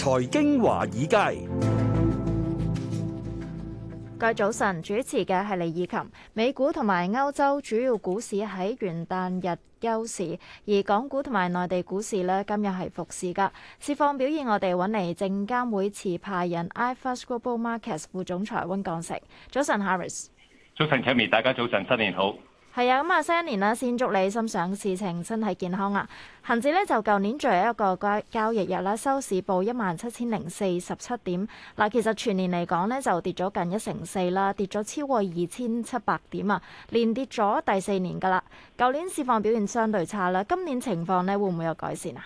財經華爾街，各位早晨，主持嘅係李以琴。美股同埋歐洲主要股市喺元旦日休市，而港股同埋內地股市呢，今日係復市噶。市況表現，我哋揾嚟證監會持牌人 iFAST Global Markets 副總裁溫鋼城。早晨，Harris。早晨，Kimi，大家早晨，新年好。係啊，咁啊，新一年啦，先祝你心想事成，身體健康啊！恒指咧就舊年最後一個交交易日啦，收市報一萬七千零四十七點。嗱，其實全年嚟講咧，就跌咗近一成四啦，跌咗超過二千七百點啊，連跌咗第四年噶啦。舊年市況表現相對差啦，今年情況咧會唔會有改善啊？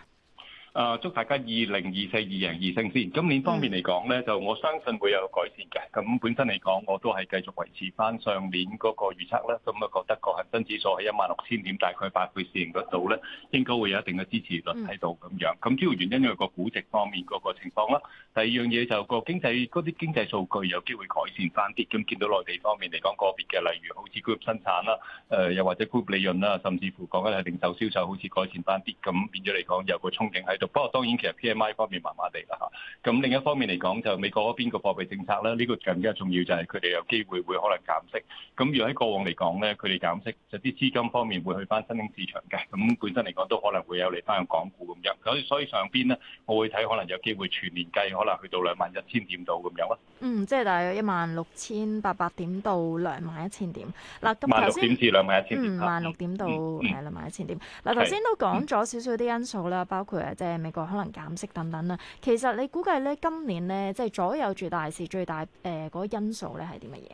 啊！祝大家二零二四二贏二勝先。今年方面嚟講咧，就我相信會有改善嘅。咁本身嚟講，我都係繼續維持翻上年嗰個預測啦。咁啊，覺得個恆生指數喺一萬六千點大概八倍市盈嗰度咧，應該會有一定嘅支持率喺度咁樣。咁主要原因因為個估值方面嗰個情況啦。第二樣嘢就個經濟嗰啲經濟數據有機會改善翻啲。咁見到內地方面嚟講個別嘅，例如好似 group 生產啦，誒又或者 group 利潤啦，甚至乎講緊係零售銷售好似改善翻啲，咁變咗嚟講有個憧憬喺度。不過當然，其實 P.M.I 方面麻麻地啦嚇。咁另一方面嚟講，就美國嗰邊個貨幣政策咧，呢個更加重要，就係佢哋有機會會可能減息。咁如果喺過往嚟講咧，佢哋減息，就啲資金方面會去翻新興市場嘅。咁本身嚟講都可能會有嚟翻港股咁樣。咁所以上邊咧，我會睇可能有機會全年計可能去到兩萬一千點度咁樣啊 21, 嗯嗯。嗯，即係大約一萬六千八百點到兩萬一千點。嗱、啊，咁頭先。萬六點至兩萬一千點。嗯，萬六點到兩萬一千點。嗱，頭先都講咗少少啲因素啦，包括即係。美國可能減息等等啦，其實你估計咧今年咧即係左右住大市，最大誒嗰、呃那個、因素咧係啲乜嘢？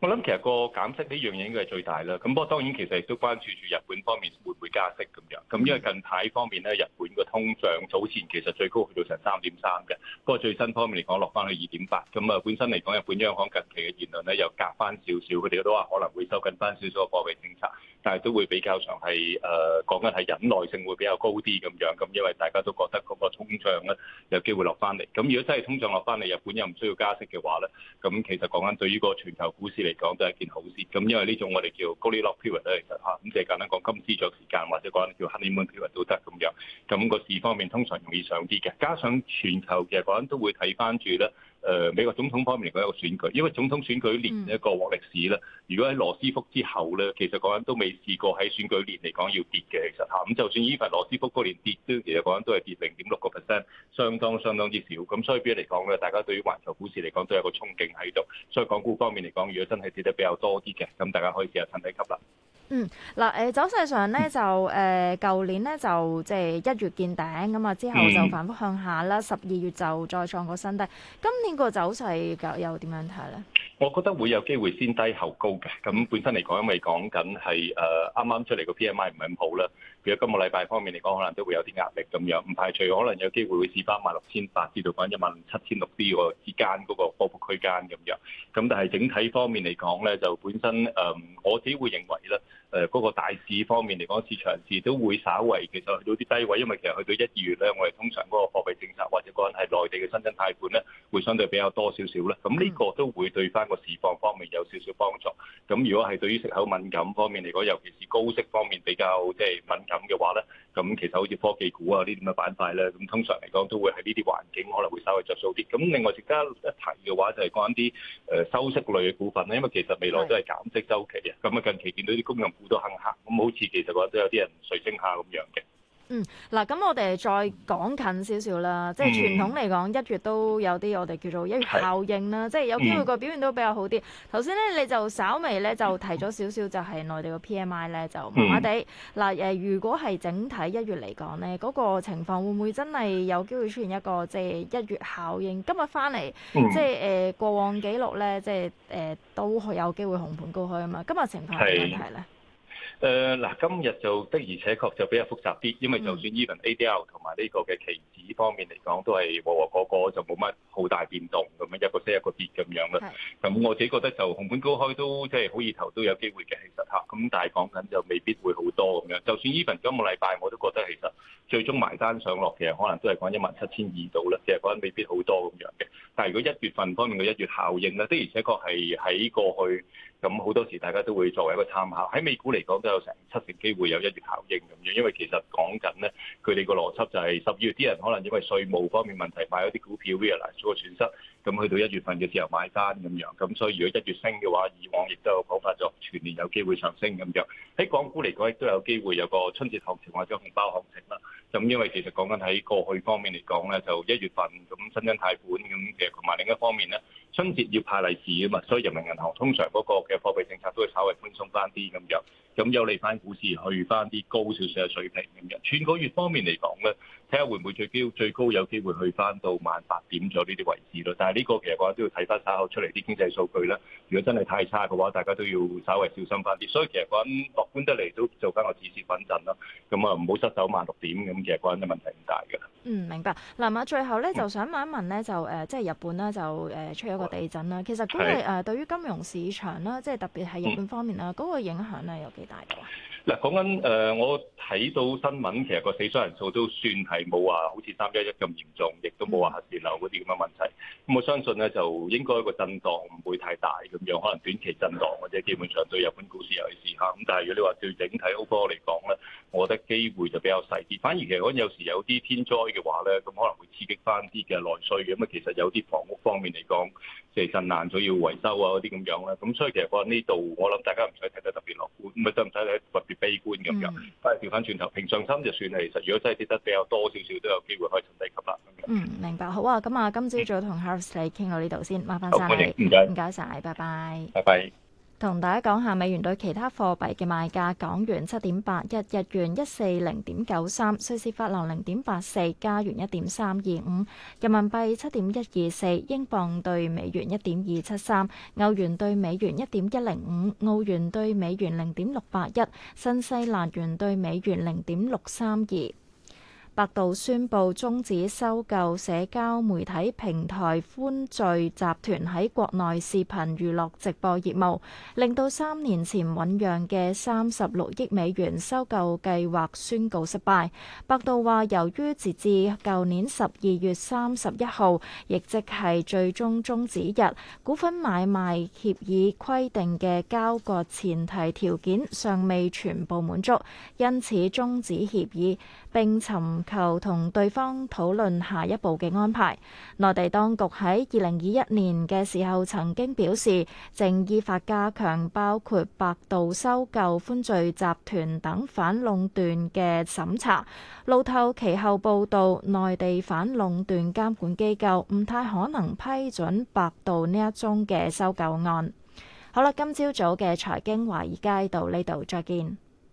我諗其實個減息呢樣嘢應該係最大啦。咁不過當然其實亦都關注住日本方面會唔會加息咁樣。咁因為近排方面咧，日本嘅通脹早前其實最高去到成三點三嘅，不過最新方面嚟講落翻去二點八。咁啊本身嚟講，日本央行近期嘅言論咧又隔翻少少，佢哋都話可能會收緊翻少少貨幣政策。但係都會比較上係誒講緊係忍耐性會比較高啲咁樣，咁因為大家都覺得嗰個通脹咧有機會落翻嚟。咁如果真係通脹落翻嚟，日本又唔需要加息嘅話咧，咁其實講緊對於個全球股市嚟講都係件好事。咁因為呢種我哋叫 Goldilocks period，其實吓，咁即係簡單講，金資助時間，或者講叫 Honeymoon period 都得咁樣。咁，那個市方面通常容易上啲嘅，加上全球其實講緊都會睇翻住咧。誒美國總統方面嚟講，有一個選舉，因為總統選舉年一個往歷史咧，如果喺羅斯福之後咧，其實講緊都未試過喺選舉年嚟講要跌嘅，其實嚇，咁就算依份羅斯福嗰年跌都，其實講緊都係跌零點六個 percent，相當相當之少。咁所以比較嚟講咧，大家對於環球股市嚟講都有個憧憬喺度，所以港股方面嚟講，如果真係跌得比較多啲嘅，咁大家可以試下趁低吸啦。嗯，嗱、呃，誒走勢上咧就誒，舊、呃、年咧就即係一月見頂咁啊，之後就反覆向下啦。十二月就再創個新低。今年個走勢又又點樣睇咧？我覺得會有機會先低後高嘅。咁本身嚟講，因為講緊係誒啱啱出嚟個 PMI 唔係咁好啦。如果今個禮拜方面嚟講，可能都會有啲壓力咁樣。唔排除可能有機會會試翻萬六千八至到講一萬七千六啲喎之間嗰個波幅區間咁樣。咁但係整體方面嚟講咧，就本身誒、呃，我自己會認為咧。誒嗰個大市方面嚟講，市場市都會稍為其實去到啲低位，因為其實去到一、二月咧，我哋通常嗰個貨幣政策或者講係內地嘅新增貸款咧，會相對比較多少少咧。咁呢個都會對翻個市況方面有少少幫助。咁如果係對於息口敏感方面嚟講，尤其是高息方面比較即係敏感嘅話咧，咁其實好似科技股啊呢啲咁嘅板塊咧，咁通常嚟講都會喺呢啲環境可能會稍為着數啲。咁另外值得一提嘅話就係講啲誒收息類嘅股份咧，因為其實未來都係減息周期啊。咁啊近期見到啲公用都行黑，咁好似其實覺得都有啲人水醒下咁樣嘅。嗯，嗱，咁我哋再講近少少啦，即係傳統嚟講，一月都有啲我哋叫做一月效應啦，是即係有機會個表現都比較好啲。頭先咧，你就稍微咧就提咗少少，就係內地個 PMI 咧就麻麻地。嗱、嗯，誒，如果係整體一月嚟講咧，嗰、那個情況會唔會真係有機會出現一個即係一月效應？今日翻嚟，即係誒過往記錄咧，即係誒都有機會紅盤高開啊嘛。今日情況係點樣睇咧？誒嗱、呃，今日就的而且確就比較複雜啲，因為就算 even ADL 同埋呢個嘅期指方面嚟講，都係個個就冇乜好大變動咁樣，一個升一個跌咁樣啦。咁是的 我自己覺得就紅盤高開都即係好意頭都有機會嘅，其實嚇。咁但係講緊就未必會好多咁樣。就算 even 今個禮拜，我都覺得其實最終埋單上落其實可能都係講一萬七千二度啦，即係講未必好多咁樣嘅。但係如果一月份方面嘅一月效應咧，的而且確係喺過去。咁好多時大家都會作為一個參考，喺美股嚟講都有成七成機會有一月效應咁樣，因為其實講緊咧，佢哋個邏輯就係十二月啲人可能因為稅務方面問題買咗啲股票，realised 做個損失。咁去到一月份嘅時候買單咁樣，咁所以如果一月升嘅話，以往亦都有講法，就全年有機會上升咁樣。喺港股嚟講，亦都有機會有個春節行情或者紅包行情啦。咁因為其實講緊喺過去方面嚟講咧，就一月份咁新增貸款咁其嘅咁其實，同埋另一方面咧，春節要派利是啊嘛，所以人民銀行通常嗰個嘅貨幣政策都會稍微寬鬆翻啲咁樣。咁有利翻股市去翻啲高少少嘅水平咁樣，全個月方面嚟講咧，睇下會唔會最高，最高有機會去翻到萬八點咗呢啲位置咯。但係呢個其實我都要睇翻稍後出嚟啲經濟數據啦。如果真係太差嘅話，大家都要稍微小心翻啲。所以其實講樂觀得嚟都做翻個指示穩陣咯。咁啊，唔好失手萬六點咁，其實講緊啲問題唔大嘅。嗯，明白。嗱，啊，最後咧、嗯、就想問一問咧，就誒，即係日本咧就誒出咗個地震啦。嗯、其實嗰個誒對於金融市場啦，的即係特別係日本方面啦，嗰、嗯、個影響咧有幾大嘅？嗱，講緊誒，我睇到新聞，其實個死傷人數都算係冇話好似三一一咁嚴重，亦都冇話核洩漏嗰啲咁嘅問題。咁、嗯、我相信咧，就應該個震盪唔會太大咁樣，可能短期震盪或者基本上對日本股市有去試下咁。但係如果你話對整體歐科嚟講咧，好機會就比較細啲，反而其實我有時有啲天災嘅話咧，咁可能會刺激翻啲嘅內需嘅，咁啊其實有啲房屋方面嚟講，即係震難咗要維修啊嗰啲咁樣咧，咁所以其實我呢度我諗大家唔使睇得特別樂觀，唔係唔使睇特別悲觀咁樣，翻去調翻轉頭，平常心就算。其實如果真係跌得比較多少少，都有機會可以趁低吸啦。嗯，明白。好啊，咁啊，今朝早同 Harvey 你傾到呢度先，麻煩曬你。唔該唔該曬，拜拜。拜拜。同大家講下美元對其他貨幣嘅賣價：港元七點八一，日元一四零點九三，瑞士法郎零點八四，加元一點三二五，人民幣七點一二四，英鎊對美元一點二七三，歐元對美元一點一零五，澳元對美元零點六八一，新西蘭元對美元零點六三二。百度宣布終止收購社交媒體平台歡聚集團喺國內視頻娛樂直播業務，令到三年前醞釀嘅三十六億美元收購計劃宣告失敗。百度話，由於截至舊年十二月三十一號，亦即係最終終止日，股份買賣協議規定嘅交割前提條件尚未全部滿足，因此終止協議，並尋。求同對方討論下一步嘅安排。內地當局喺二零二一年嘅時候曾經表示，正依法加強包括百度收購歡聚集團等反壟斷嘅審查。路透其後報道，內地反壟斷監管機構唔太可能批准百度呢一宗嘅收購案。好啦，今朝早嘅財經華爾街到呢度再見。